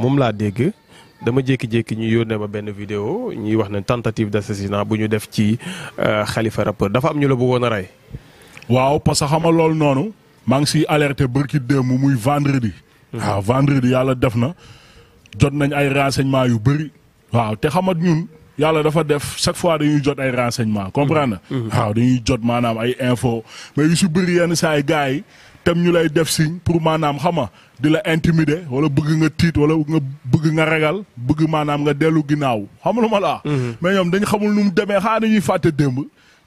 moom laa dégg dama jékki-jékki ñu yónnee ba benn vidéo ñuy wax ne de d'assassinat bu ñu def ci xalifa euh, rappeur dafa am ñu la bëggoon a rey. waaw parce que xam nga loolu noonu maa ngi siy alerté bërki démb muy vendredi. waaw hmm. ah, vendredi yàlla def na jot nañ ay renseignements yu bëri. waaw te xamat ñun yàlla dafa def chaque fois dañuy jot ay renseignements comprendre na. Hmm. Hmm. waaw dañuy jot maanaam ay info mais yu si bëri yenn saa yi gars yi tam ñu lay def signe pour maanaam xama di la intimider wala bëgg nga tiit wala nga bëgg nga ragal bëgg maanaam nga dellu ginnaaw xam lu ma laa mhm. mais ñoom dañ xamul nu mu demee xaa ñuy fàtte démb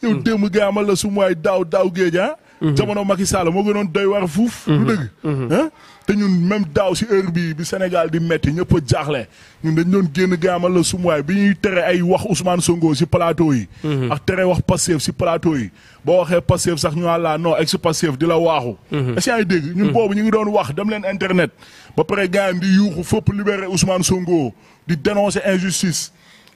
yow mhm. démb ga amal la su daaw daaw daaw géej ah. Mhm. jamono Macky Sall moo gënoon doy war fuuf. Mhm. lu dëgg. Mhm. te ñun même daaw si heure bii bi Sénégal di metti ñëpp a jaaxle ñun dañ doon génn gaamal la sumuwaay bi ñuy tere ay wax Ousmane Sonko si palaato yi. ak tere wax Pastef si palaato yi boo waxee Pastef sax ñu àllaa non ex Pastef di la waaxu. est-ce ay dégg ñun boobu ñu ngi doon wax dem leen internet ba pare gaan di yuuxu fépp libéré Ousmane Sonko di dénoncer injustice.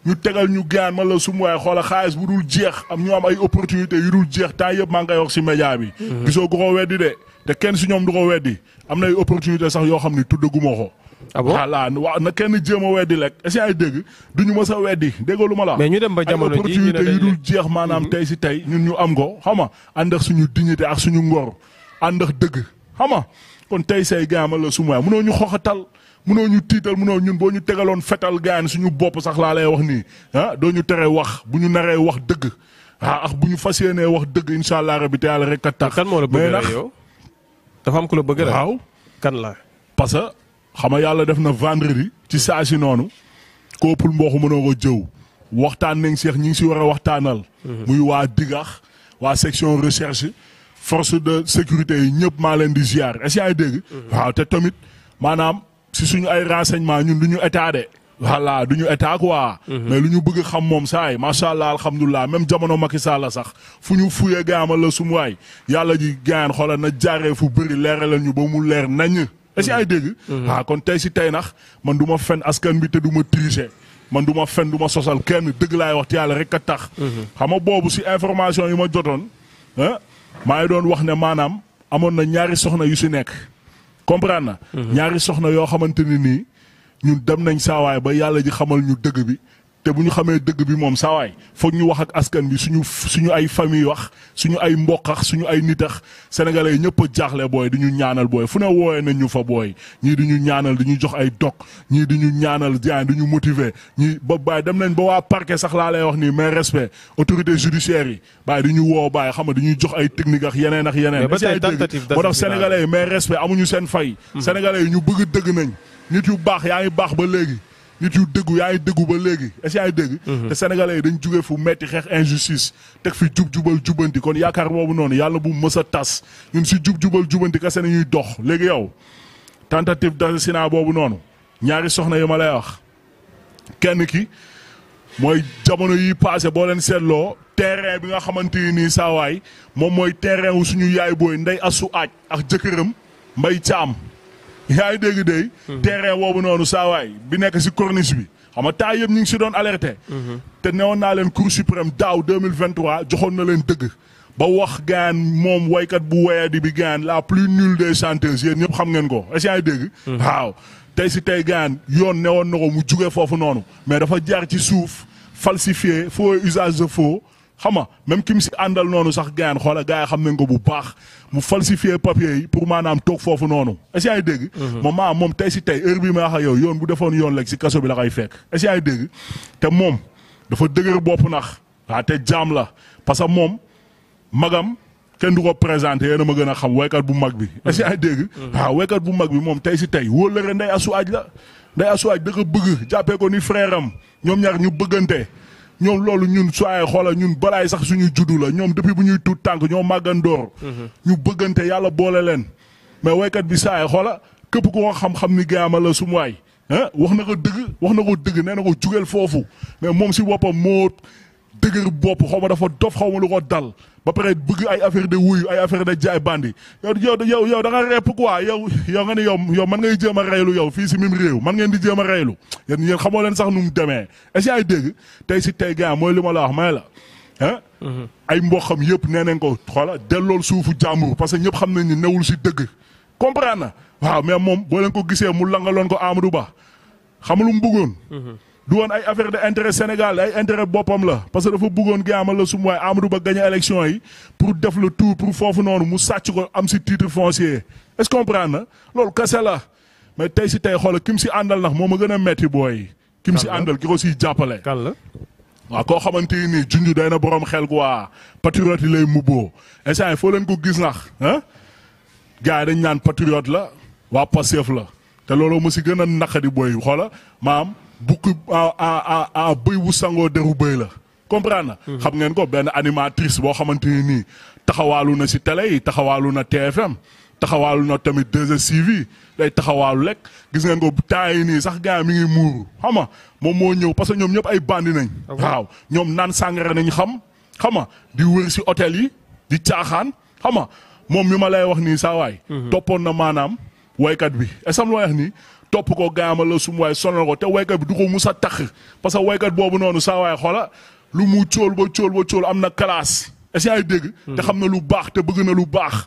ñu tegal ñu gaan man la waay xoola xaalis bu dul jeex am ñu am ay opportunité yu dul jeex temps yëpp maa ngi koy wax si média bi. Mhm. gisoo ko ko weddi de te kenn si ñoom du ko weddi am na ay opportunité sax yoo xam ni tuddaguma ko. ah bon voilà waaw na kenn jéem a weddi rek est-ce dégg du ñu mës a weddi déggu ma la. mais ñu dem ba jamono ji ñu ne yu dul jeex maanaam mhm. tey si tey ñun ñu am ko xam nga ànd ak suñu dignité ak suñu ngor ànd ak dëgg xam kon tey say gaan man la su ma waay mënoo ñu xoxatal munoo ñu tiital munoo ñun boo ñu tegaloon fetal gaan suñu bopp sax laa lay wax nii ah doo ñu tere wax bu ñu naree wax dëgg ah ak bu ñu fas yéenee wax dëgg incha allah rabi te yàlla rek a tax. kan moo la bëgg rek am ku la bëgg rek waaw kan la parce que xam nga yàlla def na vendredi ci saa si noonu mboo mbooxu mënoo ko jëw waxtaan nañ seex ñi ngi si war a waxtaanal. Mhm. muy waa Digax waa section recherche force de sécurité yi ñëpp maa leen di ziar est-ce que mhm. waaw te tamit maanaam. si suñu ay renseignement ñun du ñu état de. voilà du ñu état quoi. Mhm. mais lu ñu bëgg xam moom saay macha allah alhamdulilah même jamono Macky Sall sax fu ñu fuyee gaamal la sumu yàlla ji gaan xoolal na jaaree fu bëri leeralal ñu ba mu leer nañ. est-ce que ay dégg. Mhm. ah kon tey si tey nax man du ma fen askan bi te du ma tricher man du ma fen du ma sosal kenn dëgg laay wax ci yàlla rek a tax. Mhm. xama boobu si information yi ma jotoon ah maa ngi doon wax ne maanaam amoon na ñaari soxna yu si nekk. comprendre na mhm. ñaari soxna yoo xamante ne nii ñun dem nañ saawaay ba yàlla ji xamal ñu dëgg bi te bu ñu xamee dëgg bi moom saawaay foog ñu wax ak askan bi suñu suñu ay fami wax suñu ay mboqax suñu ay nitax sénégalais ñëpp a jaaxle booy di ñu ñaanal booy fu ne wooyee nañ ñu fa booy ñii di ñu ñaanal di ñu jox ay dog ñii di ñu ñaanal jaan di ñu motiver ñii ba bàyyi dem nañ ba waa parquet sax laa lay wax nii mais respect autorité judiciaire yi bàyyi di ñu woo baay xam nga di ñuy jox ay technique ak yeneen ak yeneen. ba tey tentative moo tax sénégalais yi mais respect amuñu seen fay. Hmm. sénégalais yi ñu bëgg dëgg nañ nit yu baax yaa ngi baax ba léegi nit yu dëggu yaa ngi dëggu ba léegi est-ce yaa ngi dégg mhm. te sénégalais yi dañ jugee fu metti xeex injustice teg fi jub-jubal jubanti kon yaakaar boobu noonu yàlla bu mës a tas ñun si jub-jubal jubanti kese ñuy dox léegi yow si d'assassinat boobu noonu ñaari soxna yi ma lay wax kenn ki mooy jamono yi passé boo leen seetloo terrain bi nga xamante ni nii saawaay moom mooy terrain wu suñu yaay booy ndey assu aaj ak jëkkëram mbay caam yaa ngi dégg dey mhm. terrain boobu noonu saawaay bi nekk si corniche bi xam nga temps yëpp ñu ngi si doon alerté mhm. te newoon naa leen cour suprême daaw 2023 joxoon na leen dëgg ba wax gaan moom waykat bu wayadi bi gaan la plus nulle des chanteuses yéen ñëpp xam ngeen ko est-ce yaa dégg mhm. waaw tey si tey gaan yoon newoon na ko mu juge foofu noonu mais dafa jaar ci suuf falsifié faux usage de faux xam nga même ki mu si àndal noonu sax gaan xoola gars yi xam nañ ko bu baax mu falsifier papier yi pour maanaam toog foofu noonu est-ce dégg mhm. moom maa moom tey si tey heure bi ma wax ak yow yoon bu defoon yoon lek si kaso bi la koy fekk est-ce que yaa dégg te moom dafa dëgër bopp nax waa te jaam la parce que moom magam kenn du ko présenté yéen a ma gën a xam waykat bu mag bi est-ce dégg mhm. waaw waykat bu mag bi moom tey si tey wóolëre nday asu aj la nday asu aj da ko bëgg jàppee ko ni frère ñoom ñaar ñu bëggante ñoom loolu ñun su ay xoola ñun balaay sax suñu juddu la ñoom depuis bu ñuy tuut tànk ñoo màggandoor mhm. ñu bëggante yàlla boole leen mais waykat bi saa ay xoola képp ko nga xam-xam ni gaama la su waay wax na ko dëgg wax na ko dëgg nee na ko jugeel foofu mais moom si boppam moo dëgër bopp xaw dafa dof xaw ma lu ko dal ba pare bëgg ay affaire de wuyu ay affaire de jaay bandi yow yow yow da nga repp quoi yow yow nga ne yow yow man ngay jéem a reylu yow fii si mim réew man ngeen di jéem a reylu yéen yéen xamoo leen sax nu mu demee est-ce que ay dégg tey si tey gars mooy li ma la wax may la ah ay mboqam yëpp nee nañ ko xoola dellool suufu jàmbur parce que ñëpp xam nañ ni newul si dëgg comprendre na waaw mais moom boo leen ko gisee mu langaloon ko Amadou Ba xam lu mu bëggoon mhm. du woon ay affaire de intérêt Sénégal ay intérêt boppam la parce que dafa buggoon gi amal la sum waaye Amadou Ba gagné élection yi pour def le tout pour foofu noonu mu sàcc ko am si titre foncé est-ce que loolu kese la mais tey si tey xoolal kim si àndal ndax moo ma gën a metti booy. kim si àndal ki ko siy jàppale. kan waaw koo xamante ni junj day na borom xel gu waa patriote yi lay mubboo instant yii foo leen ko gis nax ah gars yi dañ naan patriote la waa Pastef la te loolu mu si gën a naqadi booy xoola maam. bukki a a bëy wu sangoo deru bëy la comprendre na hmm. xam ngeen ko benn animatrice boo xamante ni nii taxawaalu na si télé yi taxawaalu na TFM taxawaalu na tamit 2STV day taxawaalu lekk gis ngeen ko temps yi nii sax gars yi mi ngi muuru xam moom moo ñëw parce que ñoom ñëpp ay bandi nañ ah waaw ñoom naan sàngara nañ xam xama nga di wër si hôtel yi di caaxaan xama moom mi ma lay wax nii saa waay hmm. toppoon na maanaam woykat bi esam loo wax nii topp ko gaama la sum waay sonal ko te waykat bi du ko mus a tax parce que waykat boobu noonu saa waay xoola lu mu cóol ba cóol ba cóol am na classe est-ce que dégg. te xam na lu baax te bëgg na lu baax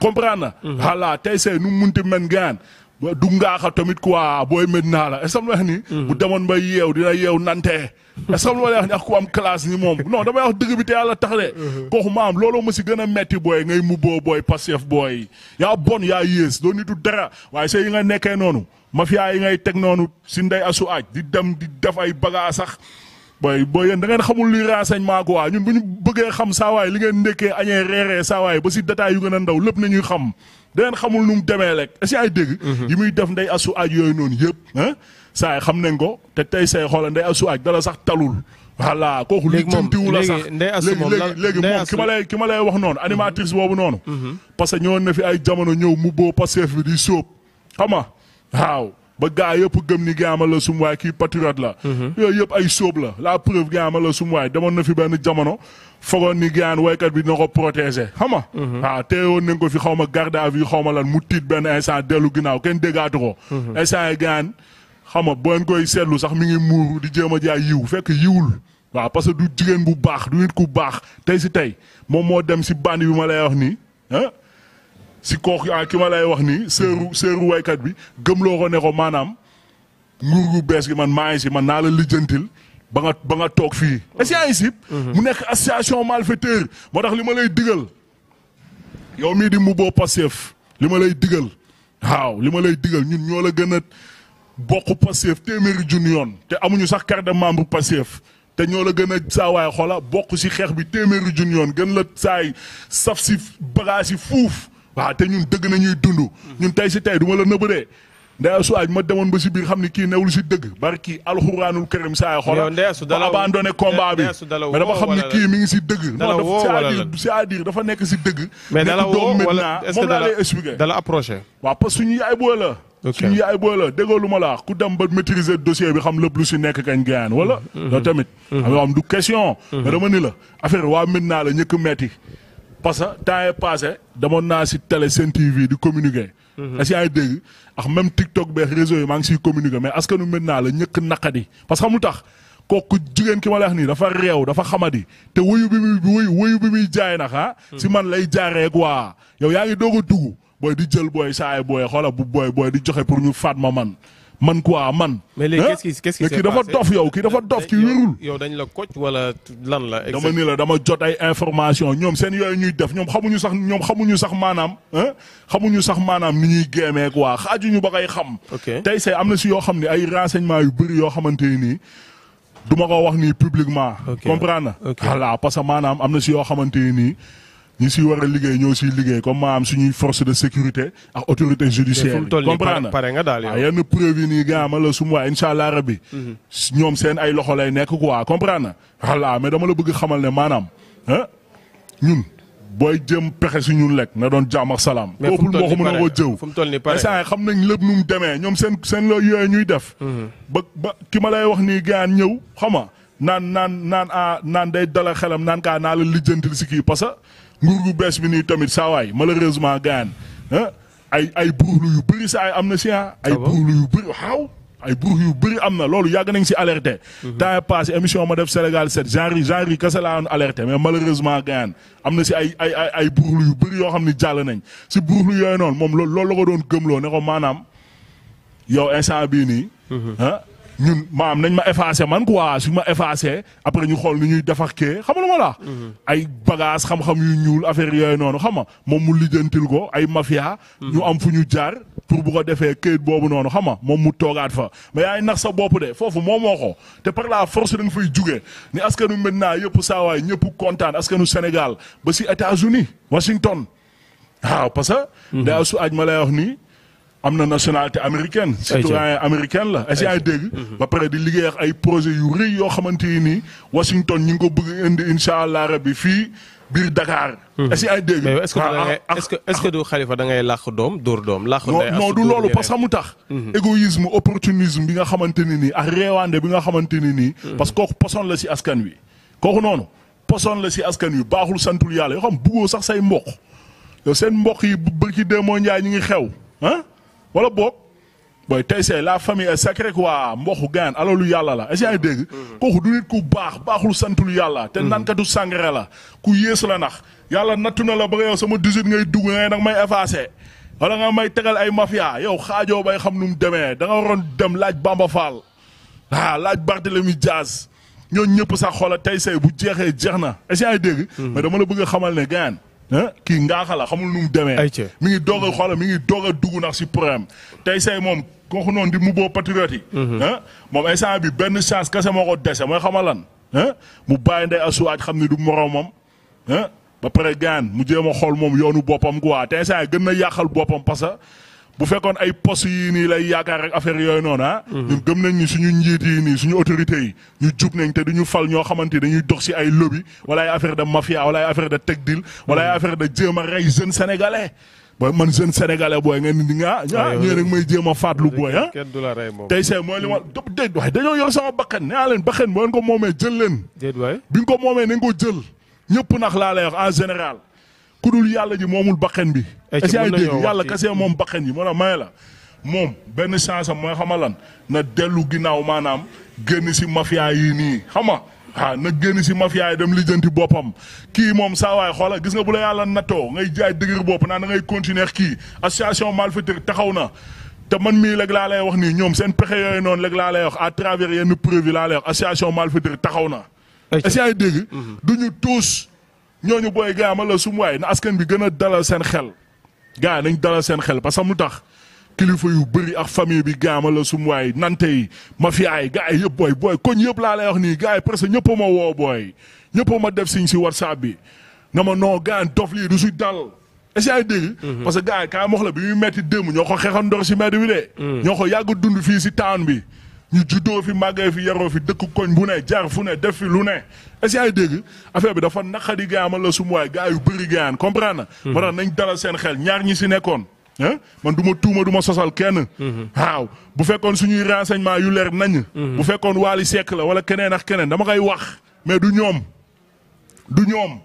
comprendre na. Mhm. voilà tey say nu mu munti mën gaan du dug ngaaxa tamit quoi booy mét naa la est ce que ni mm-hmm. bu demoon ba yeew dina yeew nante est la que lu ma lay ni ak ku am classe ni moom non damay wax dëgg bi te yàlla tax de mm-hmm. kooku maam looloo ma si gën a metti booy ngay mubboo booy Pastef booy yaa bon yaa yées doo nitu dara waaye sa yi nga nekkee noonu mafia yi ngay teg noonu si ndey asu aaj di dem di def ay bagaa sax booy boo yéen da ngeen xamul luy renseignement quoi ñun bu ñu bëggee xam saawaay li ngeen ndekkee añee reeree saawaay ba si détail yu gën a ndaw lépp nañuy xam dangeen xamul nu mu demee rek est-ce ay dégg. Mhm. yi muy def nday asu aaj yooyu noonu yëpp. saa xam nañ ko te tey say xoolal nday asu aaj dara sax talul. voilà kooku li jëntiwu la sax léegi léegi léegi moom ki ma lay ki ma lay wax noonu animatrice boobu noonu. Mhm. parce que ñëwoon na fi ay jamono ñëw mu boo Pastef bi di sóob xam nga waaw. ba gaa yëpp gëm ni Gama la sum waay kii patriote la. Mhm. yooyu yëpp ay sóob la la preuve Gama la sum demoon na fi benn jamono fogoon ni gaan waykat bi dina ko protéger xam nga. Mhm. waaw teewoon nañ ko fi xaw ma garde à vue xaw ma lan mu tiit benn instant dellu ginnaaw kenn déggaatu ko. Mhm. instant yi gaan xam boo koy seetlu sax mi ngi muur di jéem a jaay yiw fekk yiwul. waaw parce que du jigéen bu baax du nit ku baax tey si tey moom moo dem si bànn bi ma lay wax nii si kooku ah ki ma lay wax nii seeru seeru waykat bi gëmloo ko ne ko maanaam nguur gu bees gi man maa ngi si man naa la lijjantil ba nga ba nga toog fii. Mhm. est-ce que si mhm. mu nekk association malfaiteur moo tax li ma lay digal yow mii di mu boo Pastef li ma lay digal waaw li ma lay digal ñun ñoo la gën a bokk Pastef téeméeri junni yoon te amuñu sax carte de membre Pastef te ñoo la gën a saawaay xola bokk si xeex bi téeméeri junni yoon gën la saay saf si bagage fuuf. waaw te ñun dëgg nañuy dund. ñun tey si tey du ma la nëbëree. su Assou ma demoon ba si biir xam ni kii newul si dëgg barki alxuraanul karim saa xola ba abandonné combat bi mais dafa xam ni kii mi ngi si dëgg. dala dafa nekk si dëgg. mais dala woo wala est-ce que dala dala approché. waaw parce que yaay booy la. suñu yaay booy la déggoo lu ma la ku dem ba maîtriser dossier bi xam lépp lu si nekk kañ gayaan wala. Mhm. loolu tamit. Mhm. xam du question. Mhm. ma dama ni la affaire waa maintenant la ñëkk metti parce que temps yii demoon naa si télé Sen TV di communiquer. Mhm. est-ce yaa ngi dégg ax même TikTok beeg réseau yi maa ngi siy communiquer mais askanu maintenant la ñëkk naqadi parce que xam lu tax kooku jigéen ki ma lay wax nii dafa reew dafa xamadi te wuyu bi muy wuyu wuyu bi muy jaay nag ah. Hmm. si man lay jaaree quoi yow yaa ngi doog a dugg booy di jël booy saay booy xoola bu booy booy di joxe pour ñu faat ma man. man quoi man. mais léegi qu'est-ce qui qu'est-ce dafa dof yow kii dafa dof ci wérul. yow dañ la coach wala lan la. dama ni la dama jot ay information ñoom seen yooyu ñuy def ñoom xamuñu sax ñoom xamuñu sax maanaam. xamuñu sax maanaam ni ñuy géemee quoi xaajuñu ba koy xam. tey say am na si yoo xam ne ay renseignements yu bëri yoo xamante nii du ma ko wax nii publiquement. comprendre na. voilà parce que maanaam am na si yoo xamante nii. ñu si war a liggéey ñëw siy liggéey comme maanaam suñuy force de sécurité ak autorité judiciaire yi comprendre pare nga daal yow yenn prévenu yi nga ama la su ma waa incha allah rabbi mhm. ñoom seen ay loxo lay nekk quoi comprendre voilà mais dama la bëgg xamal ne maanaam ah ñun booy jëm pexe si ñun lekk na doon jàmm ak salaam boopul moo ko mën a koo jëw instant xam nañ lépp nu mu demee ñoom seen seen la yooyu ñuy def mhm. ba ba ki ma lay wax nii gaan ñëw xama naan naan naan ah, naan day dala xelam naan kaa naa la si kii parce que nguur gu bees bi nii tamit saawaay malheureusement gaan ah ay ay buruxlu yu bëri sa ay am na si ah. Ah ay buruxlu yu bëri waaw ay buruxlu yu bëri am na loolu yàgg nañ si alerte mhm. temps passé émission ma def Sénégal 7 genre genre yi kese laa doon alerté mais malheureusement gaan am na si ay ay ay ay yu bëri yoo xam ni jàll nañ si buruxlu yooyu noon moom loolu la ko doon gëmloo ne ko maanaam yow instant bii nii mhm. ah, ñun maam nañ ma effacé man quoi suñ ma effacé après ñu xool nu ñuy defar kee xam nga ma la mhm. ay bagage xam-xam yu ñuul affaire yooyu noonu xam nga moom mu lijjantil ko ay mafia. Mhm. ñu am fu ñu jaar pour bu ko defee kayit boobu noonu xam nga moom mu toogaat fa. mais yaay nax sa bopp de foofu moom moo ko te par la force dañ fay jugee ni askanu maintenant yëpp saa waay ñëpp kontaan askanu Sénégal ba si États-Unis Washington waaw parce que. Mhm. daa su aj ma lay wax nii. am na nationalité américaine citoyen américaine la asi ay dégg mhm. ba pare di liggéey ay projet yu rëy yoo xamante yi nii Washington ñi ngi ko bëgg indi incha allah rabbi fii biir Dakar. est ce ay dégg. mais est ce que ah, ah, ah, est ce que du Khalifa da ngay làq doom dóor doom. làq non non du loolu parce que amu tax. Mhm. égoïsme opportunisme bi nga xamante ne nii ak réewaande bi nga xamante ne nii. Mhm. parce que kooku poson la si askan wi. kooku noonu poson la si askan wi baaxul santul yàlla yoo xam buggoo sax say mboq seen mboq yi bërki démb ñu ngi xew wala boog booy tey see la famille est sacrée quoi mboxu gaan alalu yàlla la est-ce que yaa ngi dégg. Mhm. kooku du nit ku baax baaxul santu lu yàlla. te mhm. nankatu sangare la ku yéesu la nax yàlla nattu na la ba yow sama 18 ngay dugg ngay nag may effacé. wala nga may tegal ay mafia yow xaajoo bay xam nu mu demee da nga dem laaj Bamba Fall ah laaj Barthélemy Diaz ñooñu ñëpp sax xoola tey say bu jeexee jeex na est-ce que yaa dégg. Mhm. mais dama la bëgg xamal ne gaan kii ngaaxa xamul nu mu demee. mi ngi doog a xoolal mi ngi doog a dugg nag si problème tey say moom kooku noonu di mu boo patriote yi. Mhm. moom instant bi benn chance kese moo ko dese mooy xamal lan mu bàyyi ndey asuwaaj xam ni du moromam ba pare gaan mu jéem a xool moom yoonu boppam quoi te instant gën na yàqal boppam parce que. bu fekkoon ay poste yii nii lay yaakaar rek affaire yooyu noonu ah. Mhm. ñun gëm nañ ni suñu njiit yi nii suñu autorités yi ñu jub nañ te du ñu fal ñoo xamante dañuy dox si ay lobby wala ay affaire de mafia wala ay affaire de teg deal wala ay mhm. affaire de jéem a rey jeune sénégalais. booy man jeune sénégalais booy nga nit ñi ah, ah ñëwee nag may jéem a faatlu booy ah. kenn du la rey moom tey see mooy li ma dañoo yor sama bakkan nee naa leen bakkan boo leen ko moomee jël leen. déet waay bi nga ko moomee nañ koo jël ñëpp nax laa général ku dul yàlla ji moomul baqen bi. est ce que yàlla kese moom baqen ji moo a may la moom benn chance am mooy xamalan na dellu ginnaaw maanaam génn si mafia yi nii xam nga ah na génn si mafia yi dem lijjanti boppam kii moom saa waay xoola gis nga bu la yàlla nattoo ngay jaay dëgër bopp naan na ngay continuer kii association malfaiteur taxaw na. te man mii léegi laa lay wax nii ñoom seen pexe yooyu noonu léegi laa lay wax à travers yenn preuve yi laa lay wax association taxaw na. ñooñu booy gaa ma la sum na askan bi gën a dalal seen xel gaa nañ dalal seen xel parce que mu tax kilifa yu bëri ak famille bi gaa ma la sum waay nante yi mafia yi gaa yi yëpp booy booy koñ yëpp laa lay wax nii gaa yi presque ñëpp a ma woo booy ñëpp ma def siñ si whatsapp bi nga ma noo gaa dof lii du si dal. est-ce que dégg mhm. parce gaa yi kaa mox bi muy metti démb ñoo ko xeexandoor si mbedd bi de. Mhm. ñoo ko yàgg dund fii si taan bi. ñu juddoo fi màggee fi yaroo fi dëkk koñ bu ne jaar fu ne def fi lu ne est-ce que yaay affaire bi dafa naqadi gaa man la su waay gaa yu bëri gaa yaan comprendre na mhm. moo nañ dalal seen xel ñaar ñi si nekkoon man du ma tuuma du ma sosal kenn mhm. waaw bu fekkoon suñuy renseignement yu leer nañ mhm. bu fekkoon Wally Seck la wala kenee ak keneen dama koy wax mais du ñoom du ñoom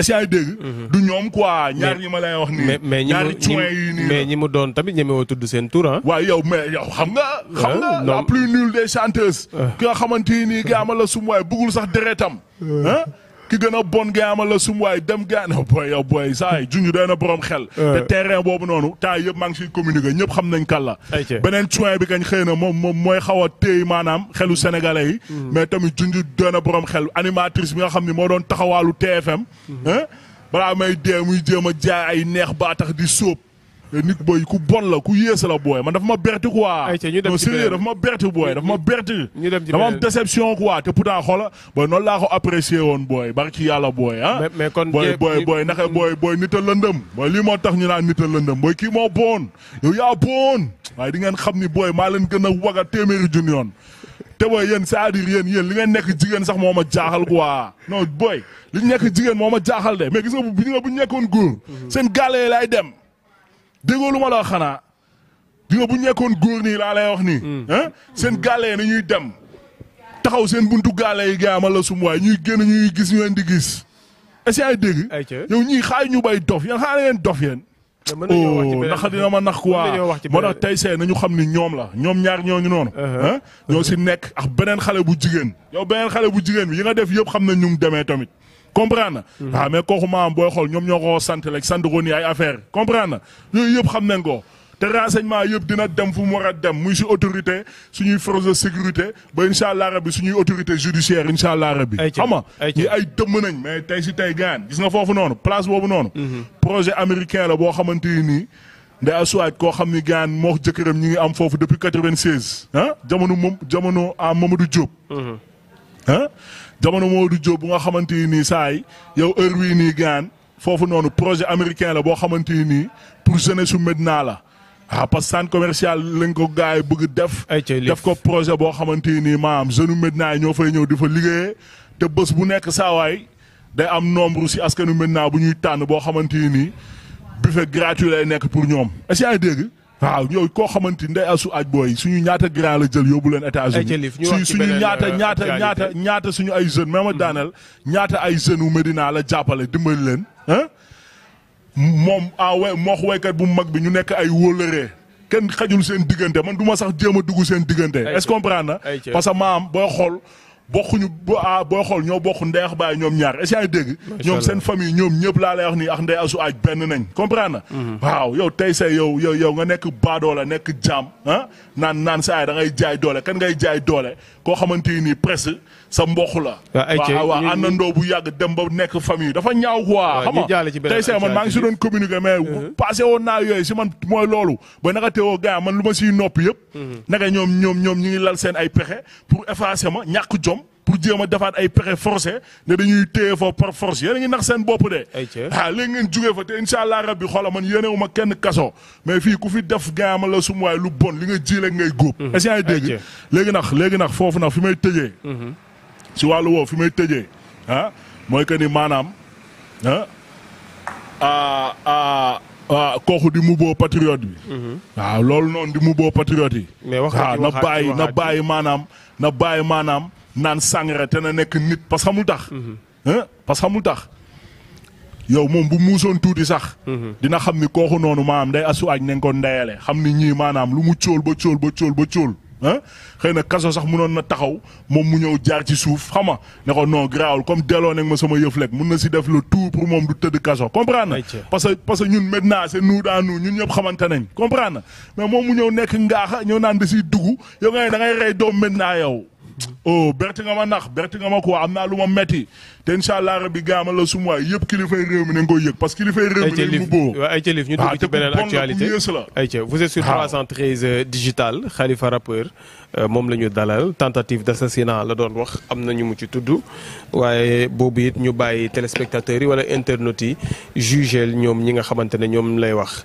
est-ce ay dégg. Mhm. du ñoom quoi ñaar ñi ma lay wax nii. mais ñaari coin yi nii mais ñi mu doon tamit ñemewoo tudd seen tur ah. waaw yow mais yow xam nga. xam nga ah, la plus nulle des chanteuses. Ah. ki xamante ni gars ma la sum waaye bëggul sax deretam. Ah. ki gën a bon nga amal la sum waay dem gaa ne booy yow oh, booy saa yi junj doy na borom xel. Eh. te terrain boobu noonu temps yëpp maa ngi siy communiqué ñëpp xam nañ kan la. beneen coin bi kañ xëy na moom moom mooy xaw a téy maanaam xelu sénégalais yi. Hmm. mais tamit junj doy na borom xel animatrice bi nga xam ne moo doon taxawaalu TFM. Hmm. Eh? balaa may dee muy jéem a jaay ay neex baa tax di sóob. E nit booy ku bon la ku yées la booy man dafa ma berti quoi. ayca ñu dem ci dafa ma berti booy dafa ma berti. ñu dem ci dama am déception quoi te pourtant booy noonu laa ko woon booy barki yàlla booy ah. mais kon booy booy booy naka booy booy nit a lëndëm. booy lii moo tax ñu naan nit a lëndëm booy kii moo bon yow yaa bon waaye di ngeen xam ni booy maa leen gën a wag a téeméeri junni yoon. te booy yéen c'est-à-dire yéen yéen li ngeen nekk jigéen sax moo ma jaaxal quoi non booy li ñu nekk jigéen moo ma jaaxal de mais gis nga bu ñu mhm. seen gàlle lay dem déggoo ma la xanaa di bu ñu nekkoon góor nii laa lay wax nii. Mm. seen gàllee na ñuy dem taxaw seen buntu gaale yi gaa ma la sum ñuy génn ñuy gis ñu leen di gis. est ay dégg. yow ñii xaay ñu bay dof yéen xaar ngeen dof yéen. mën oh, nax dina ma nax quoi moo tax tey see nañu xam ni ñoom la ñoom ñaar ñoo ñooñu noonu. Uh-huh. ñoo si nekk ak beneen xale bu jigéen. yow beneen xale bu jigéen bi yi nga def yëpp xam na ñu demee tamit. comprendre na waaw mhm. ah, mais kooku maam booy xool ñoom ñoo ko sant rek sant ko nii ay affaire comprendre na yooyu yëpp xam nañ ko te renseignement yëpp dina dem fu mu war a dem muy si autorité suñuy force de sécurité ba incha allah rabi suñuy autorité judiciaire incha allah rabi. ay xam nga ñi ay dëmm nañ mais tey si tey gaan gis nga foofu noonu place boobu noonu. Mhm. projet américain la boo xamante ni nii. nda asuwaaj koo xam ni gaan moo jëkkëram ñi ngi am foofu depuis 96. ah jamono moom jamono ah Mamadou Diop. Mhm. ah jamono Modou Diop bu nga xamante ni nii saa yi yow heure wii nii gaan foofu noonu projet américain la boo xamante ni nii pour jeunesse su Medina la ah parce que centre commercial lañ ko gars bugg def. def ko projet boo xamante ni maam jeune Medina yi ñoo fay ñëw di fa liggéeyee te bés bu nekk saawaay day am nombre si askanu Medina bu ñuy tànn boo xamante ni buffet gratuit lay nekk pour ñoom est-ce que waaw ñooy koo xamante ni day asu aj booy suñu ñaata grand la jël yóbbu leen États-Unis suñu suñu ñaata euh, ñaata ñaata ñaata suñu ay jeunes ma daaneel ñaata ay jeunes wu Medina la jàppale dimbali leen moom ah we moox waykat bu mag bi ñu nekk ay wóllëree kenn xajul seen diggante man duma sax jéem a dugg seen diggante est-ce na parce que maam boo xool bokkuñu ah, boo xool ñoo bokk ndeex baay ñoom ñaar est-ce que dégg ñoom seen famille ñoom ñëpp laa lay wax nii ak ndey asu aaj benn nañ comprendre na mhm. waaw yow tey say nga nekk baadoola nekk jaam ah naan naan sa ay da jaay doole kan ngay jaay doole koo xamante ni presque sa mboq la waaw waaw àndandoo bu yàgg dem ba nekk famille dafa ñaaw quoi xam nga tey ma man maa ngi si doon communiquer mais mhm. passé woon naa yooyu si man mooy loolu ba naka teewoo gars man lu ma siy noppi yëpp mhm. naka ñoom ñoom ñoom ñu ngi seen ay pexe pour effacer ma ñàkk jom ñoom pour jéem a defaat ay pexe forcé ne dañuy téye fa par force yéen a ngi nax seen bopp de. ah léegi ngeen jugee fa te incha rabbi xoola man yéenewu kenn kaso mais fii ku fi def gaama la sum waay lu bon li nga ji rek ngay góob. Mhm. est-ce que léegi nag léegi nag foofu na fi may tëjee. Mhm. si wàllu woowu fi may tëjee ah mooy que ni maanaam ah ah. mu ah, ah, kooku di bi. waaw mhm. ah, loolu noonu di muboo patriote yi. mais na bàyyi na bàyyi maanaam na bàyyi maanaam. naan sàngara te na nekk nit parce que xamul tax. Mhm. parce que xamul tax yow moom bu muusoon tuuti sax. Mhm. dina xam ni kooku noonu maanaam day asu aaj nañ ko ndayale xam ni ñii maanaam lu mu cóol ba cóol ba cóol ba cóol. xëy na kaso sax munoon na taxaw moom mu ñëw jaar ci suuf xama ne ko non garaawul comme delloo nekk ma sama yëf lekk mun na si def le tout pour moom du tëdd kaso comprendre na parce que parce que ñun maintenant c'est nous dans nous ñun ñëpp xamante nañ comprendre na mais moom mu ñëw nekk ngaaxa ñëw naan da siy dugg yow nga ne doom maintenant yow oh berti nga ma nax berti nga ma quoi am naa lu ma metti te incha allah rabbi gaamal la sum waay yëpp kilifay réew mi nañ koy yëg parce que kilifay réew mi nañ mu boo ay ca lif ñu dugg ah, ci beneen actualité ay ca vous êtes sur 313 ah. euh, euh, moom la ñu dalal tentative d'assassinat la doon wax am na ñu mu ci tudd waaye boobu it ñu bàyyi téléspectateurs yi wala internautes yi jugeel ñoom ñi nga xamante ne ñoom lay wax